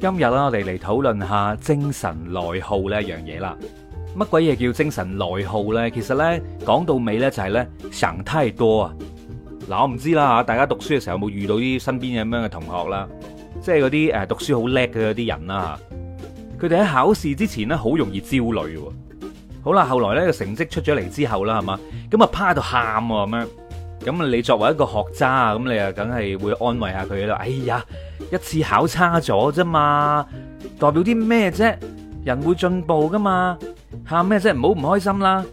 今日啦，我哋嚟討論下精神內耗呢一樣嘢啦。乜鬼嘢叫精神內耗咧？其實咧講到尾咧就係咧想太多啊。嗱，我唔知啦吓，大家讀書嘅時候有冇遇到啲身邊咁樣嘅同學啦？即係嗰啲誒讀書好叻嘅嗰啲人啦，佢哋喺考試之前咧好容易焦慮。好啦，後來咧個成績出咗嚟之後啦，係嘛咁啊趴喺度喊咁樣。咁你作為一個學渣啊，咁你啊，梗係會安慰下佢啦。哎呀，一次考差咗啫嘛，代表啲咩啫？人會進步噶嘛，喊咩啫？唔好唔開心啦。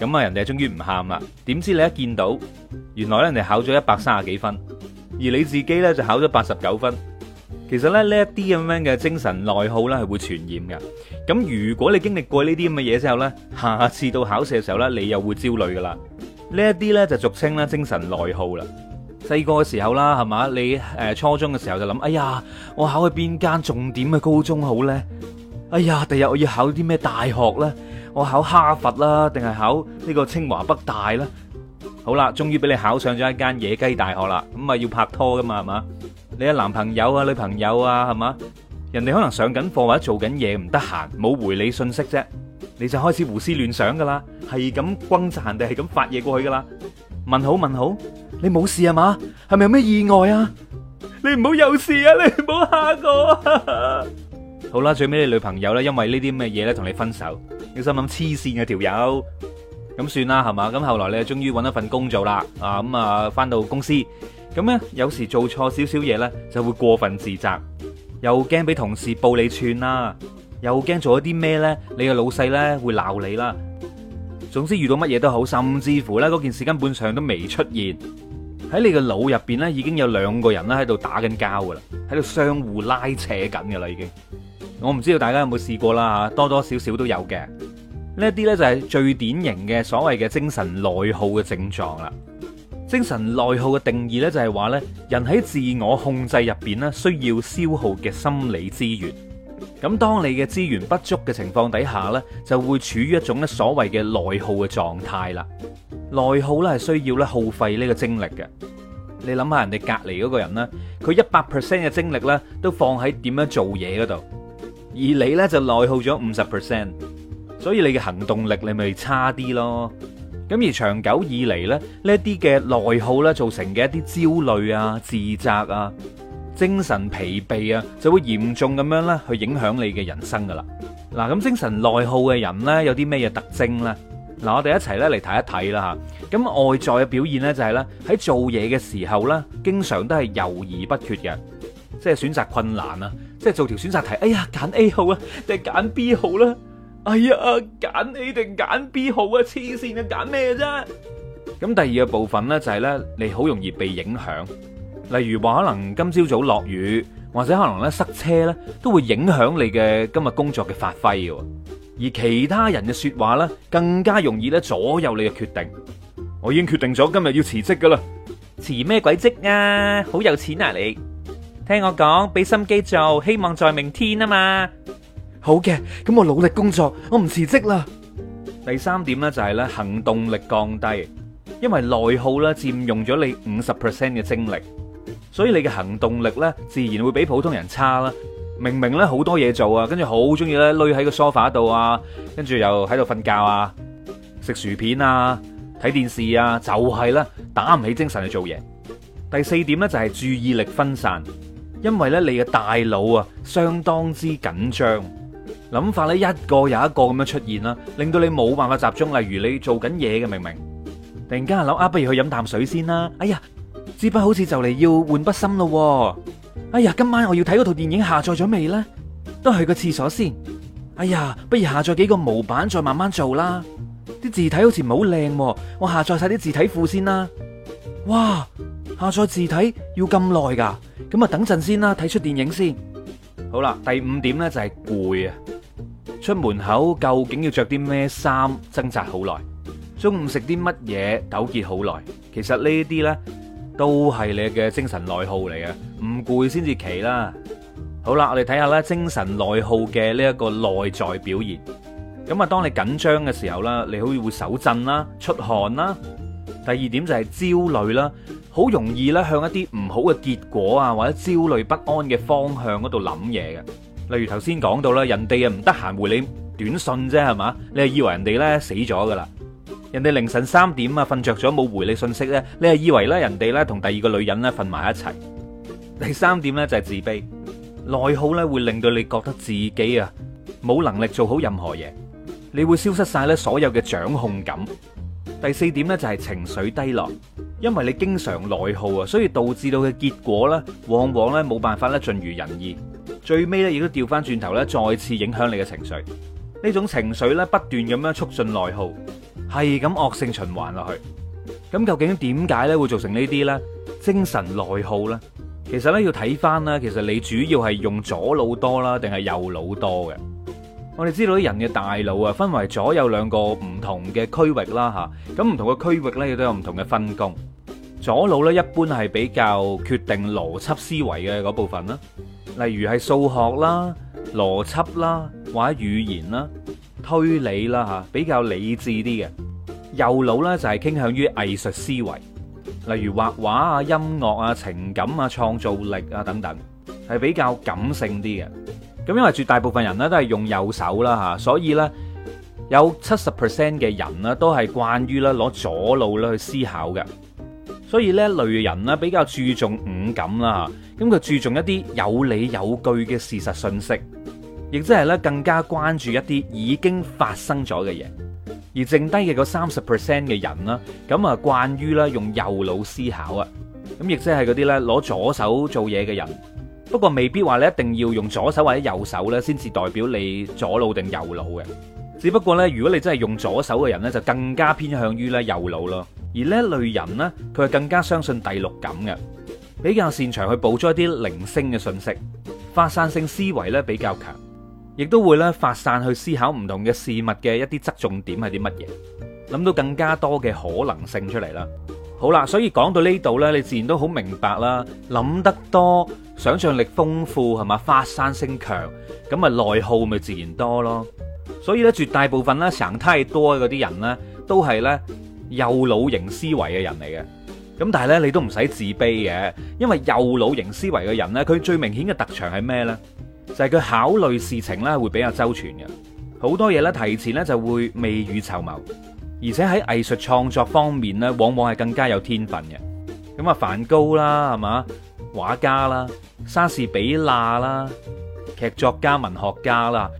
咁啊，人哋終於唔喊啦。點知你一見到，原來咧人哋考咗一百三十幾分，而你自己咧就考咗八十九分。其實咧呢一啲咁樣嘅精神內耗咧係會傳染噶。咁如果你經歷過呢啲咁嘅嘢之後咧，下次到考試嘅時候咧，你又會焦慮噶啦。呢一啲呢就俗稱啦，精神內耗啦。細個嘅時候啦，係嘛？你誒、呃，初中嘅時候就諗，哎呀，我考去邊間重點嘅高中好呢？哎呀，第日我要考啲咩大學呢？我考哈佛啦，定係考呢個清華北大呢？好啦，終於俾你考上咗一間野雞大學啦。咁啊，要拍拖噶嘛，係嘛？你嘅男朋友啊，女朋友啊，係嘛？人哋可能上緊課或者做緊嘢唔得閒，冇回你信息啫。你就開始胡思亂想噶啦，係咁轟炸定係咁發嘢過去噶啦，問好問好，你冇事啊嘛？係咪有咩意外啊？你唔好有事啊！你唔好吓我啊！ 好啦，最尾你女朋友咧，因為呢啲咩嘢咧，同你分手，你心諗黐線嘅條友，咁、這個、算啦係嘛？咁後來你終於搵一份工做啦，啊咁啊，翻到公司，咁咧有時做錯少少嘢咧，就會過分自責，又驚俾同事報你串啦、啊。又驚做咗啲咩呢？你嘅老細呢，會鬧你啦。總之遇到乜嘢都好，甚至乎呢件事根本上都未出現喺你嘅腦入邊呢，已經有兩個人咧喺度打緊交噶啦，喺度相互拉扯緊噶啦已經。我唔知道大家有冇試過啦，多多少少都有嘅。呢一啲呢，就係最典型嘅所謂嘅精神內耗嘅症狀啦。精神內耗嘅定義呢，就係話呢，人喺自我控制入邊呢，需要消耗嘅心理資源。咁當你嘅資源不足嘅情況底下呢，就會處於一種呢所謂嘅內耗嘅狀態啦。內耗呢係需要呢，耗費呢個精力嘅。你諗下人哋隔籬嗰個人呢，佢一百 percent 嘅精力呢都放喺點樣做嘢嗰度，而你呢就內耗咗五十 percent，所以你嘅行動力你咪差啲咯。咁而長久以嚟，呢，呢啲嘅內耗呢，造成嘅一啲焦慮啊、自責啊。精神疲憊啊，就會嚴重咁樣咧，去影響你嘅人生噶啦。嗱，咁精神內耗嘅人咧，有啲咩嘢特徵咧？嗱，我哋一齊咧嚟睇一睇啦嚇。咁外在嘅表現咧，就係咧喺做嘢嘅時候咧，經常都係猶豫不決嘅，即係選擇困難啊，即係做條選擇題，哎呀，揀 A 號啊，定係揀 B 號啦？哎呀，揀 A 定揀 B 號啊？黐線啊，揀咩啫？咁第二個部分咧，就係咧，你好容易被影響。例如話可能今朝早落雨，或者可能咧塞車咧，都會影響你嘅今日工作嘅發揮。而其他人嘅說話咧，更加容易咧左右你嘅決定。我已經決定咗今日要辭職噶啦，辭咩鬼職啊？好有錢啊你！聽我講，俾心機做，希望在明天啊嘛。好嘅，咁我努力工作，我唔辭職啦。第三點咧就係咧行動力降低，因為內耗咧佔用咗你五十 percent 嘅精力。所以你嘅行動力咧，自然會比普通人差啦。明明咧好多嘢做啊，跟住好中意咧，匿喺個梳化度啊，跟住又喺度瞓覺啊，食薯片啊，睇電視啊，就係啦，打唔起精神去做嘢。第四點咧就係注意力分散，因為咧你嘅大腦啊相當之緊張，諗法咧一個又一個咁樣出現啦，令到你冇辦法集中。例如你做緊嘢嘅明明，突然間諗啊，不如去飲啖水先啦。哎呀！支筆好似就嚟要換筆芯咯，哎呀，今晚我要睇嗰套電影下載，下載咗未呢？都去個廁所先。哎呀，不如下載幾個模板再慢慢做啦。啲字體好似唔好靚，我下載晒啲字體庫先啦。哇，下載字體要咁耐噶？咁啊，等陣先啦，睇出電影先。好啦，第五點呢就係攰啊。出門口究竟要着啲咩衫？掙扎好耐。中午食啲乜嘢？糾結好耐。其實呢啲呢，都係你嘅精神內耗嚟嘅，唔攰先至奇啦。好啦，我哋睇下咧精神內耗嘅呢一個內在表現。咁啊，當你緊張嘅時候啦，你好似會手震啦、出汗啦。第二點就係焦慮啦，好容易咧向一啲唔好嘅結果啊，或者焦慮不安嘅方向嗰度諗嘢嘅。例如頭先講到啦，人哋啊唔得閒回你短信啫，係嘛？你係以為人哋咧死咗噶啦。人哋凌晨三點啊，瞓着咗冇回你信息咧，你係以為咧人哋咧同第二個女人咧瞓埋一齊。第三點咧就係自卑內耗咧，會令到你覺得自己啊冇能力做好任何嘢，你會消失晒咧所有嘅掌控感。第四點咧就係情緒低落，因為你經常內耗啊，所以導致到嘅結果咧，往往咧冇辦法咧盡如人意，最尾咧亦都掉翻轉頭咧再次影響你嘅情緒。呢種情緒咧不斷咁樣促進內耗。係咁惡性循環落去，咁究竟點解呢會造成呢啲呢精神內耗呢？其實呢要睇翻呢，其實你主要係用左腦多啦，定係右腦多嘅。我哋知道啲人嘅大腦啊，分為左右兩個唔同嘅區域啦，吓。咁唔同嘅區域呢，亦都有唔同嘅分工。左腦呢一般係比較決定邏輯思維嘅嗰部分啦，例如係數學啦、邏輯啦，或者語言啦。推理啦吓，比較理智啲嘅。右腦呢，就係傾向於藝術思維，例如畫畫啊、音樂啊、情感啊、創造力啊等等，係比較感性啲嘅。咁因為絕大部分人呢都係用右手啦吓，所以呢，有七十 percent 嘅人呢都係慣於咧攞左腦咧去思考嘅。所以呢一類人呢，比較注重五感啦，咁佢注重一啲有理有據嘅事實信息。亦即係咧，更加關注一啲已經發生咗嘅嘢，而剩低嘅嗰三十 percent 嘅人啦，咁啊慣於咧用右腦思考啊，咁亦即係嗰啲咧攞左手做嘢嘅人。不過未必話你一定要用左手或者右手咧，先至代表你左腦定右腦嘅。只不過咧，如果你真係用左手嘅人咧，就更加偏向於咧右腦咯。而呢一類人咧，佢係更加相信第六感嘅，比較擅長去捕捉一啲零星嘅信息，發散性思維咧比較強。亦都會咧發散去思考唔同嘅事物嘅一啲側重點係啲乜嘢，諗到更加多嘅可能性出嚟啦。好啦，所以講到呢度呢，你自然都好明白啦。諗得多，想象力豐富係嘛，發散性強，咁啊內耗咪自然多咯。所以咧，絕大部分咧成太多嗰啲人呢，都係呢右腦型思維嘅人嚟嘅。咁但係咧，你都唔使自卑嘅，因為右腦型思維嘅人呢，佢最明顯嘅特長係咩呢？就係佢考慮事情咧，會比較周全嘅，好多嘢咧，提前咧就會未雨綢繆，而且喺藝術創作方面咧，往往係更加有天分嘅。咁啊，梵高啦，係嘛畫家啦，莎士比亞啦，劇作家、文學家啦，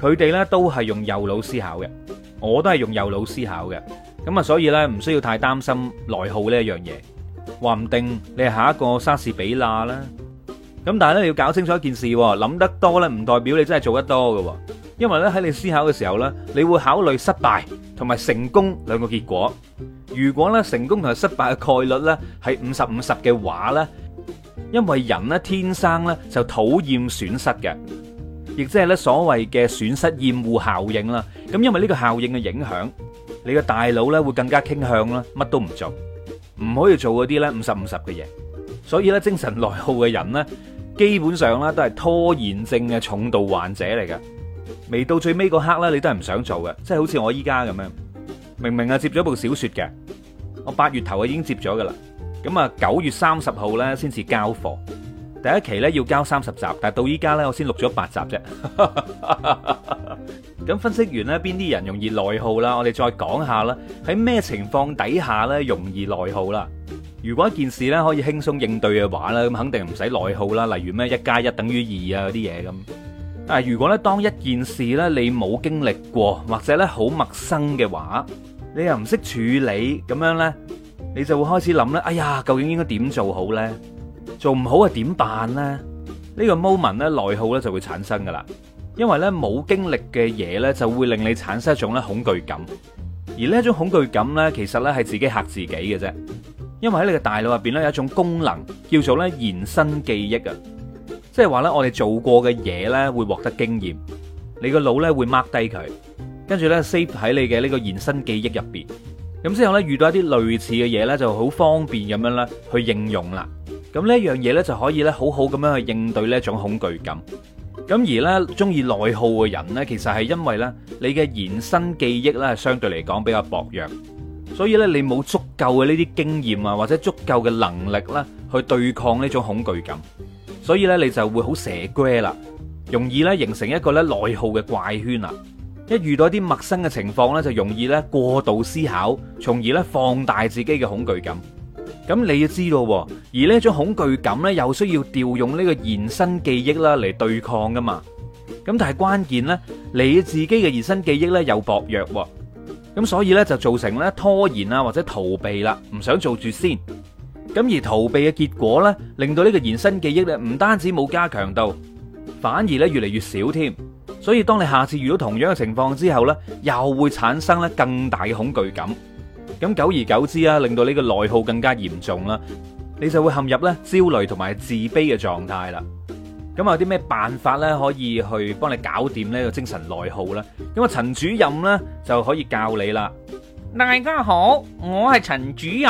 佢哋咧都係用右腦思考嘅，我都係用右腦思考嘅。咁啊，所以咧唔需要太擔心內耗呢一樣嘢，話唔定你係下一個莎士比亞啦。咁但係咧，你要搞清楚一件事，諗得多咧，唔代表你真係做得多㗎。因為咧喺你思考嘅時候咧，你會考慮失敗同埋成功兩個結果。如果咧成功同埋失敗嘅概率咧係五十五十嘅話咧，因為人咧天生咧就討厭損失嘅，亦即係咧所謂嘅損失厭惡效應啦。咁因為呢個效應嘅影響，你個大腦咧會更加傾向啦乜都唔做，唔可以做嗰啲咧五十五十嘅嘢。所以咧，精神內耗嘅人咧，基本上咧都係拖延症嘅重度患者嚟嘅。未到最尾嗰刻咧，你都係唔想做嘅，即係好似我依家咁樣，明明啊接咗部小說嘅，我八月頭我已經接咗噶啦，咁啊九月三十號咧先至交貨，第一期咧要交三十集，但係到依家咧我先錄咗八集啫。咁 分析完呢邊啲人容易內耗啦，我哋再講下啦，喺咩情況底下咧容易內耗啦？如果一件事咧可以輕鬆應對嘅話咧，咁肯定唔使內耗啦。例如咩一加一等於二啊嗰啲嘢咁。但係如果咧當一件事咧你冇經歷過或者咧好陌生嘅話，你又唔識處理咁樣咧，你就會開始諗咧，哎呀，究竟應該點做好咧？做唔好係點辦咧？呢個 moment 咧內耗咧就會產生噶啦。因為咧冇經歷嘅嘢咧就會令你產生一種咧恐懼感，而呢一種恐懼感咧其實咧係自己嚇自己嘅啫。因為喺你嘅大腦入邊咧有一種功能，叫做咧延伸記憶啊，即係話咧我哋做過嘅嘢咧會獲得經驗，你個腦咧會 mark 低佢，跟住咧 save 喺你嘅呢個延伸記憶入邊，咁之後咧遇到一啲類似嘅嘢咧就好方便咁樣咧去應用啦。咁呢樣嘢咧就可以咧好好咁樣去應對呢一種恐懼感。咁而咧中意內耗嘅人咧，其實係因為咧你嘅延伸記憶咧相對嚟講比較薄弱。所以咧，你冇足夠嘅呢啲經驗啊，或者足夠嘅能力咧，去對抗呢種恐懼感。所以咧，你就會好蛇龜啦，容易咧形成一個咧內耗嘅怪圈啊。一遇到一啲陌生嘅情況咧，就容易咧過度思考，從而咧放大自己嘅恐懼感。咁你要知道，而呢種恐懼感咧，又需要調用呢個延伸記憶啦嚟對抗噶嘛。咁但係關鍵咧，你自己嘅延伸記憶咧又薄弱。咁所以咧就造成咧拖延啊，或者逃避啦，唔想做住先。咁而逃避嘅結果咧，令到呢個延伸記憶咧唔單止冇加強到，反而咧越嚟越少添。所以當你下次遇到同樣嘅情況之後咧，又會產生咧更大嘅恐懼感。咁久而久之啊，令到呢個內耗更加嚴重啦，你就會陷入咧焦慮同埋自卑嘅狀態啦。咁有啲咩辦法咧可以去幫你搞掂呢個精神內耗啦？咁啊，陳主任咧就可以教你啦。大家好，我係陳主任。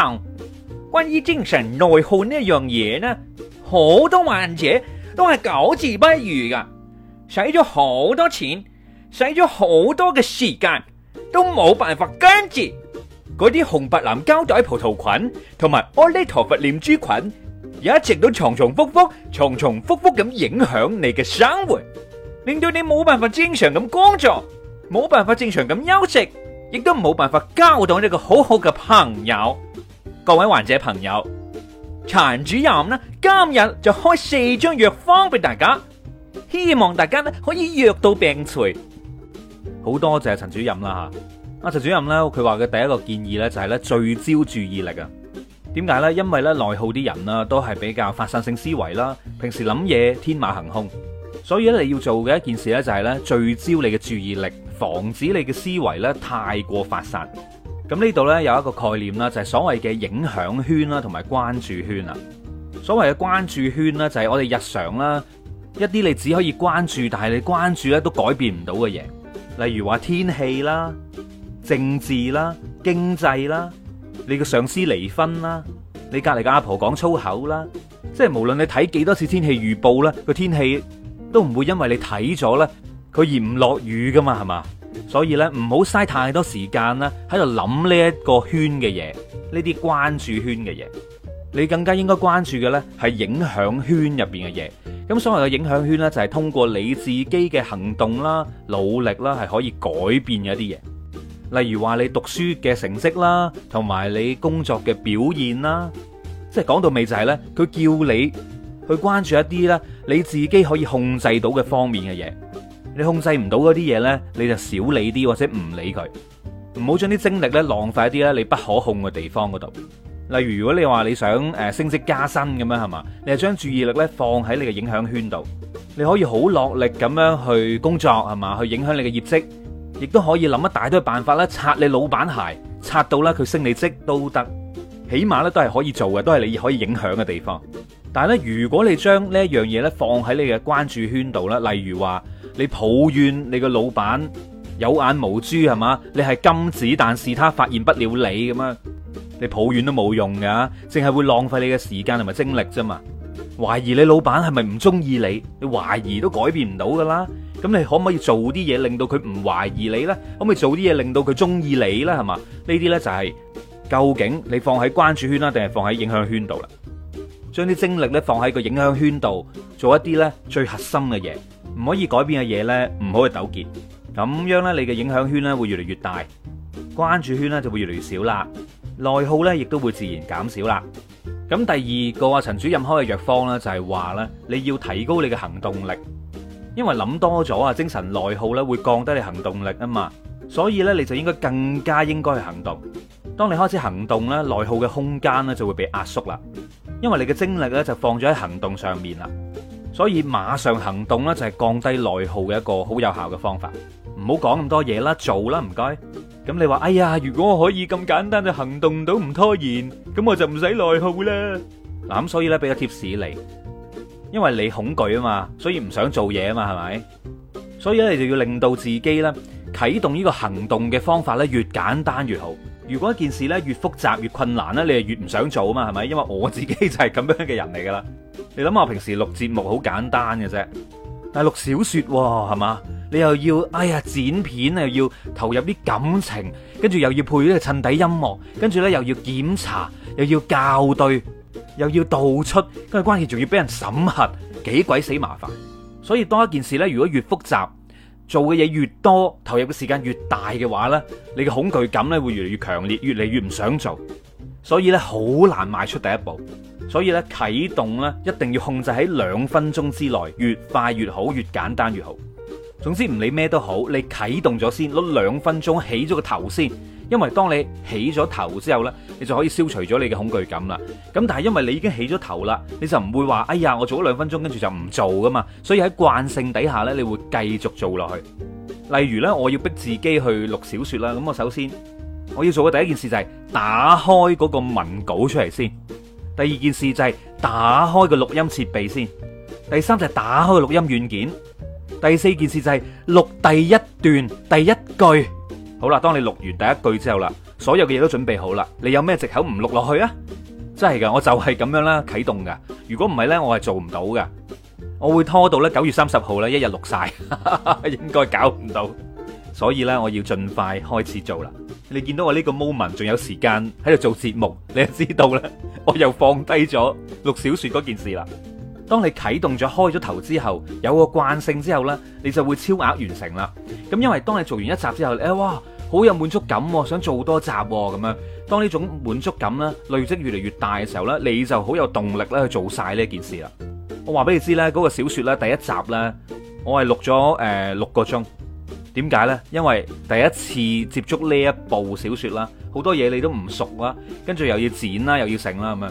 關於精神內耗呢一樣嘢呢，好多患者都係久治不愈噶，使咗好多錢，使咗好多嘅時間，都冇辦法根治。嗰啲紅白藍膠袋葡萄菌同埋埃利陀佛念珠菌。一直都重重複複、重重複複咁影響你嘅生活，令到你冇辦法正常咁工作，冇辦法正常咁休息，亦都冇辦法交到一個好好嘅朋友。各位患者朋友，陳主任呢今日就開四張藥方俾大家，希望大家呢可以藥到病除。好多謝陳主任啦吓，阿陳主任呢，佢話嘅第一個建議呢，就係呢聚焦注意力啊。點解呢？因為咧內耗啲人啦，都係比較發散性思維啦。平時諗嘢天馬行空，所以咧你要做嘅一件事呢，就係咧聚焦你嘅注意力，防止你嘅思維呢太過發散。咁呢度呢，有一個概念啦，就係所謂嘅影響圈啦，同埋關注圈啊。所謂嘅關注圈啦，就係我哋日常啦一啲你只可以關注，但係你關注咧都改變唔到嘅嘢，例如話天氣啦、政治啦、經濟啦。你嘅上司離婚啦，你隔籬個阿婆講粗口啦，即係無論你睇幾多次天氣預報啦，個天氣都唔會因為你睇咗咧佢而唔落雨噶嘛，係嘛？所以咧唔好嘥太多時間啦，喺度諗呢一個圈嘅嘢，呢啲關注圈嘅嘢，你更加應該關注嘅咧係影響圈入邊嘅嘢。咁所謂嘅影響圈咧就係通過你自己嘅行動啦、努力啦，係可以改變嘅一啲嘢。例如話你讀書嘅成績啦，同埋你工作嘅表現啦，即係講到尾就係呢，佢叫你去關注一啲呢你自己可以控制到嘅方面嘅嘢，你控制唔到嗰啲嘢呢，你就少理啲或者唔理佢，唔好將啲精力呢浪費一啲呢你不可控嘅地方嗰度。例如如果你話你想誒升職加薪咁樣係嘛？你係將注意力呢放喺你嘅影響圈度，你可以好落力咁樣去工作係嘛？去影響你嘅業績。亦都可以諗一大堆辦法啦，擦你老闆鞋，擦到啦佢升你職都得，起碼咧都係可以做嘅，都係你可以影響嘅地方。但係咧，如果你將呢一樣嘢咧放喺你嘅關注圈度啦，例如話你抱怨你嘅老闆有眼無珠係嘛，你係金子，但是他發現不了你咁樣，你抱怨都冇用噶，淨係會浪費你嘅時間同埋精力啫嘛。懷疑你老闆係咪唔中意你，你懷疑都改變唔到噶啦。咁你可唔可以做啲嘢，令到佢唔懷疑你呢？可唔可以做啲嘢，令到佢中意你呢？係嘛？呢啲呢，就係究竟你放喺關注圈啦，定係放喺影響圈度啦？將啲精力呢，放喺個影響圈度，做一啲呢最核心嘅嘢，唔可以改變嘅嘢呢，唔好去糾結。咁樣呢，你嘅影響圈呢會越嚟越大，關注圈呢就會越嚟越少啦，內耗呢亦都會自然減少啦。咁第二個啊，陳主任開嘅藥方呢，就係話呢，你要提高你嘅行動力。因為諗多咗啊，精神內耗呢會降低你行動力啊嘛，所以呢你就應該更加應該去行動。當你開始行動呢，內耗嘅空間呢就會被壓縮啦，因為你嘅精力呢就放咗喺行動上面啦。所以馬上行動呢就係降低內耗嘅一個好有效嘅方法。唔好講咁多嘢啦，做啦，唔該。咁你話，哎呀，如果我可以咁簡單就行動到唔拖延，咁我就唔使內耗啦。嗱咁，所以呢俾個 tips 你。因為你恐懼啊嘛，所以唔想做嘢啊嘛，係咪？所以咧，你就要令到自己咧啟動呢個行動嘅方法咧越簡單越好。如果一件事咧越複雜越困難咧，你係越唔想做啊嘛，係咪？因為我自己就係咁樣嘅人嚟噶啦。你諗下，我平時錄節目好簡單嘅啫，但係錄小說，係嘛？你又要哎呀剪片啊，又要投入啲感情，跟住又要配呢個襯底音樂，跟住咧又要檢查，又要校對。又要導出，跟住關鍵仲要俾人審核，幾鬼死麻煩。所以當一件事咧，如果越複雜，做嘅嘢越多，投入嘅時間越大嘅話呢，你嘅恐懼感咧會越嚟越強烈，越嚟越唔想做。所以咧好難邁出第一步。所以咧啟動咧一定要控制喺兩分鐘之內，越快越好，越簡單越好。總之唔理咩都好，你啟動咗先，攞兩分鐘起咗個頭先。因為當你起咗頭之後呢，你就可以消除咗你嘅恐懼感啦。咁但係因為你已經起咗頭啦，你就唔會話，哎呀，我做咗兩分鐘跟住就唔做噶嘛。所以喺慣性底下呢，你會繼續做落去。例如呢，我要逼自己去錄小說啦。咁我首先我要做嘅第一件事就係打開嗰個文稿出嚟先。第二件事就係打開個錄音設備先。第三就係打開個錄音軟件。第四件事就係錄第一段第一句。好啦，當你錄完第一句之後啦，所有嘅嘢都準備好啦，你有咩借口唔錄落去啊？真係噶，我就係咁樣啦，啟動噶。如果唔係呢，我係做唔到噶。我會拖到呢九月三十號呢，一日錄晒，應該搞唔到。所以呢，我要盡快開始做啦。你見到我呢個 moment 仲有時間喺度做節目，你就知道啦，我又放低咗錄小說嗰件事啦。當你啟動咗開咗頭之後，有個慣性之後呢，你就會超額完成啦。咁因為當你做完一集之後，誒哇，好有滿足感喎，想做多集喎咁樣。當呢種滿足感呢，累積越嚟越大嘅時候呢，你就好有動力咧去做晒呢件事啦。我話俾你知呢，嗰個小說呢，第一集呢，我係錄咗誒、呃、六個鐘。點解呢？因為第一次接觸呢一部小說啦，好多嘢你都唔熟啦，跟住又要剪啦，又要整啦咁樣。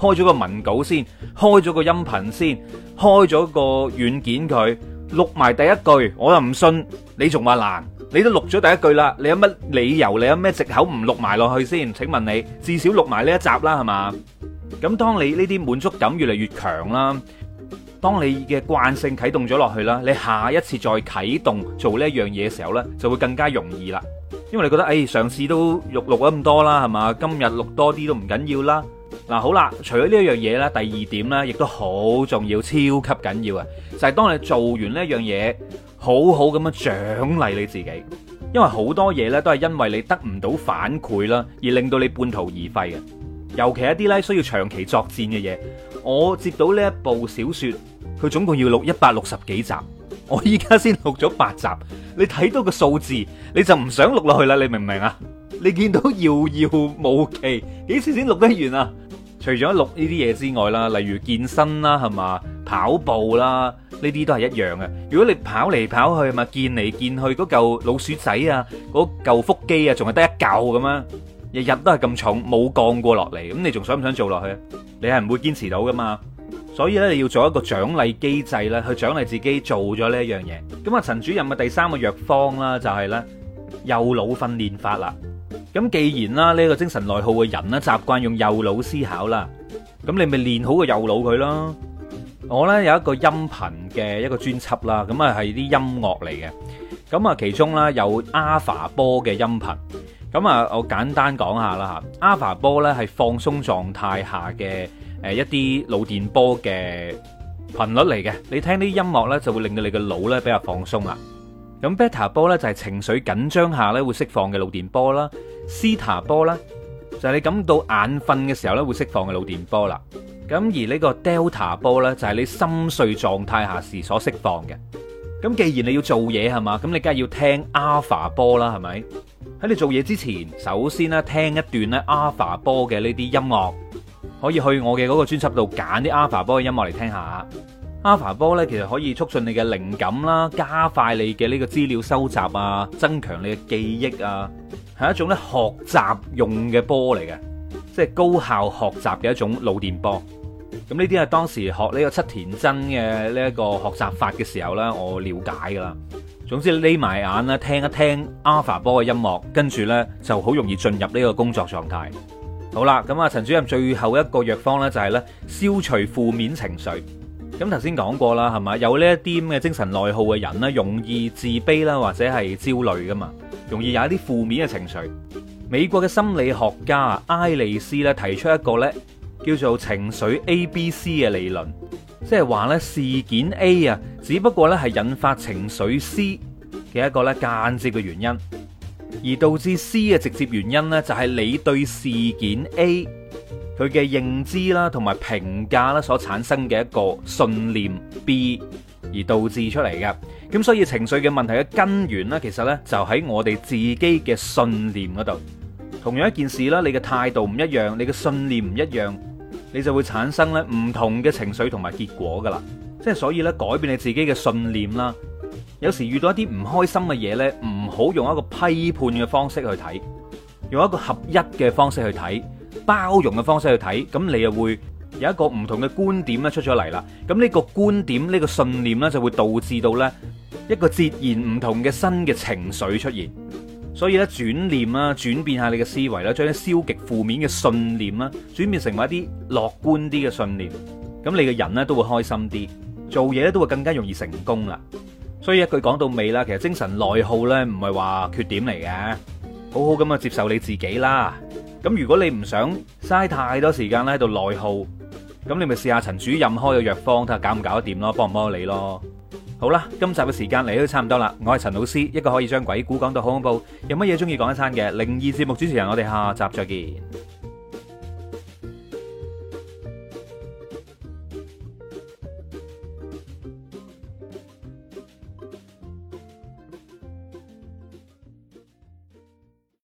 開咗個文稿先，開咗個音頻先，開咗個軟件佢錄埋第一句，我又唔信，你仲話難，你都錄咗第一句啦，你有乜理由？你有咩借口唔錄埋落去先？請問你至少錄埋呢一集啦，係嘛？咁當你呢啲滿足感越嚟越強啦，當你嘅慣性啟動咗落去啦，你下一次再啟動做呢一樣嘢嘅時候呢，就會更加容易啦，因為你覺得誒，上次都錄錄咗咁多啦，係嘛？今日錄多啲都唔緊要啦。嗱好啦，除咗呢一樣嘢咧，第二點咧，亦都好重要、超級緊要呀，就係當你做完呢一樣嘢，好好咁樣獎勵你自己，因為好多嘢咧都係因為你得唔到反饋啦，而令到你半途而廢嘅。尤其一啲咧需要長期作戰嘅嘢，我接到呢一部小說，佢總共要錄一百六十幾集，我依家先錄咗八集，你睇到個數字，你就唔想錄落去啦，你明唔明啊？你見到遙遙無期，幾時先錄得完啊？除咗錄呢啲嘢之外啦，例如健身啦，係嘛，跑步啦，呢啲都係一樣嘅。如果你跑嚟跑去，咪見嚟見去，嗰嚿老鼠仔啊，嗰嚿腹肌啊，仲係得一嚿咁啊，日日都係咁重，冇降過落嚟，咁你仲想唔想做落去啊？你係唔會堅持到噶嘛？所以咧，你要做一個獎勵機制啦，去獎勵自己做咗呢一樣嘢。咁啊，陳主任嘅第三個藥方啦，就係咧，右腦訓練法啦。咁既然啦，呢個精神內耗嘅人呢，習慣用右腦思考啦，咁你咪練好個右腦佢咯。我呢有一個音頻嘅一個專輯啦，咁啊係啲音樂嚟嘅。咁啊其中呢有 alpha 波嘅音頻，咁啊我簡單講下啦嚇。alpha 波呢係放鬆狀態下嘅誒一啲腦電波嘅頻率嚟嘅，你聽啲音樂呢就會令到你嘅腦呢比較放鬆啦。咁 beta 波咧就係情緒緊張下咧會釋放嘅腦電波啦 theta 波啦就係你感到眼瞓嘅時候咧會釋放嘅腦電波啦。咁而呢個 delta 波咧就係你深睡狀態下時所釋放嘅。咁既然你要做嘢係嘛，咁你梗係要聽 alpha 波啦，係咪？喺你做嘢之前，首先咧聽一段咧 alpha 波嘅呢啲音樂，可以去我嘅嗰個專輯度揀啲 alpha 波嘅音樂嚟聽下。Alpha 波咧，其實可以促進你嘅靈感啦，加快你嘅呢個資料收集啊，增強你嘅記憶啊，係一種咧學習用嘅波嚟嘅，即係高效學習嘅一種腦電波。咁呢啲係當時學呢個七田真嘅呢一個學習法嘅時候咧，我了解噶啦。總之，匿埋眼啦，聽一聽 Alpha 波嘅音樂，跟住咧就好容易進入呢個工作狀態。好啦，咁啊，陳主任最後一個藥方咧就係咧消除負面情緒。咁頭先講過啦，係嘛？有呢一啲咁嘅精神內耗嘅人咧，容易自卑啦，或者係焦慮噶嘛，容易有一啲負面嘅情緒。美國嘅心理學家埃利斯咧提出一個呢叫做情緒 A B C 嘅理論，即係話咧事件 A 啊，只不過咧係引發情緒 C 嘅一個咧間接嘅原因，而導致 C 嘅直接原因呢，就係你對事件 A。佢嘅認知啦，同埋評價啦，所產生嘅一個信念 B 而導致出嚟嘅，咁所以情緒嘅問題嘅根源呢，其實呢就喺我哋自己嘅信念嗰度。同樣一件事啦，你嘅態度唔一樣，你嘅信念唔一樣，你就會產生咧唔同嘅情緒同埋結果㗎喇。即係所以呢，改變你自己嘅信念啦。有時遇到一啲唔開心嘅嘢呢，唔好用一個批判嘅方式去睇，用一個合一嘅方式去睇。包容嘅方式去睇，咁你又會有一個唔同嘅觀點咧出咗嚟啦。咁呢個觀點呢，呢個信念呢，就會導致到呢一個截然唔同嘅新嘅情緒出現。所以咧轉念啦，轉變下你嘅思維啦，將啲消極負面嘅信念啦轉變成埋一啲樂觀啲嘅信念，咁你嘅人呢，都會開心啲，做嘢都會更加容易成功啦。所以一句講到尾啦，其實精神內耗呢，唔係話缺點嚟嘅，好好咁啊接受你自己啦。咁如果你唔想嘥太多時間咧喺度內耗，咁你咪試下陳主任開嘅藥方，睇下搞唔搞得掂咯，幫唔幫到你咯。好啦，今集嘅時間嚟到差唔多啦。我係陳老師，一個可以將鬼故講到好恐怖，有乜嘢鍾意講一餐嘅靈異節目主持人。我哋下集再見。